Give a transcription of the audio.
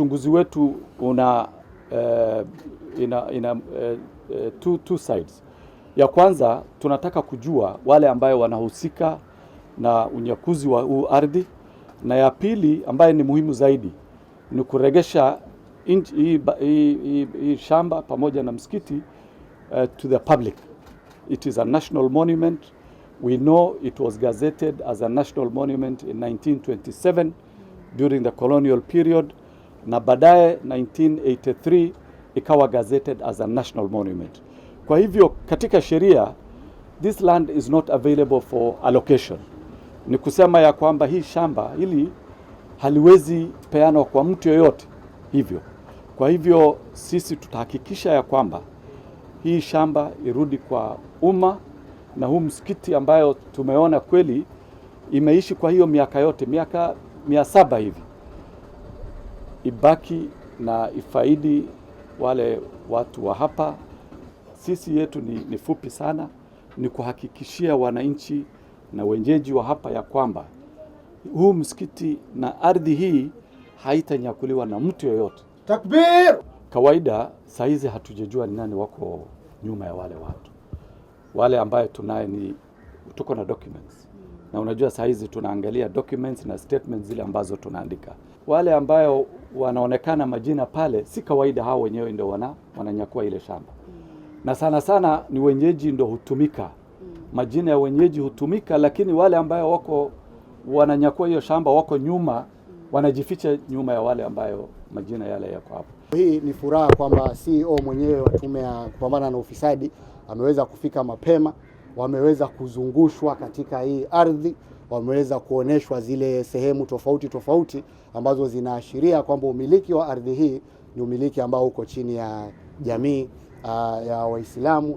uchunguzi wetu una uh, ina, ina uh, two, two sides. Ya kwanza tunataka kujua wale ambayo wanahusika na unyakuzi wa huu ardhi, na ya pili ambayo ni muhimu zaidi ni kuregesha hii shamba pamoja na msikiti uh, to the public. It is a national monument. We know it was gazetted as a national monument in 1927 during the colonial period na baadaye 1983 ikawa gazetted as a national monument. Kwa hivyo katika sheria this land is not available for allocation, ni kusema ya kwamba hii shamba hili haliwezi peanwa kwa mtu yoyote hivyo. Kwa hivyo sisi tutahakikisha ya kwamba hii shamba irudi kwa umma na huu msikiti ambayo tumeona kweli imeishi kwa hiyo miaka yote miaka mia saba hivi ibaki na ifaidi wale watu wa hapa. Sisi yetu ni, ni fupi sana, ni kuhakikishia wananchi na wenyeji wa hapa ya kwamba huu msikiti na ardhi hii haitanyakuliwa na mtu yoyote. Takbir! Kawaida saa hizi hatujajua ni nani wako nyuma ya wale watu wale, ambaye tunaye ni tuko na documents na unajua saa hizi tunaangalia documents na statements zile ambazo tunaandika. Wale ambayo wanaonekana majina pale, si kawaida, hao wenyewe ndio wana wananyakua ile shamba mm. na sana sana ni wenyeji ndio hutumika mm. majina ya wenyeji hutumika, lakini wale ambayo wako wananyakua hiyo shamba wako nyuma mm. wanajificha nyuma ya wale ambayo majina yale yako hapo. Hii ni furaha kwamba CEO mwenyewe wa tume ya kupambana na ufisadi ameweza kufika mapema wameweza kuzungushwa katika hii ardhi, wameweza kuoneshwa zile sehemu tofauti tofauti ambazo zinaashiria kwamba umiliki wa ardhi hii ni umiliki ambao uko chini ya jamii uh, ya Waislamu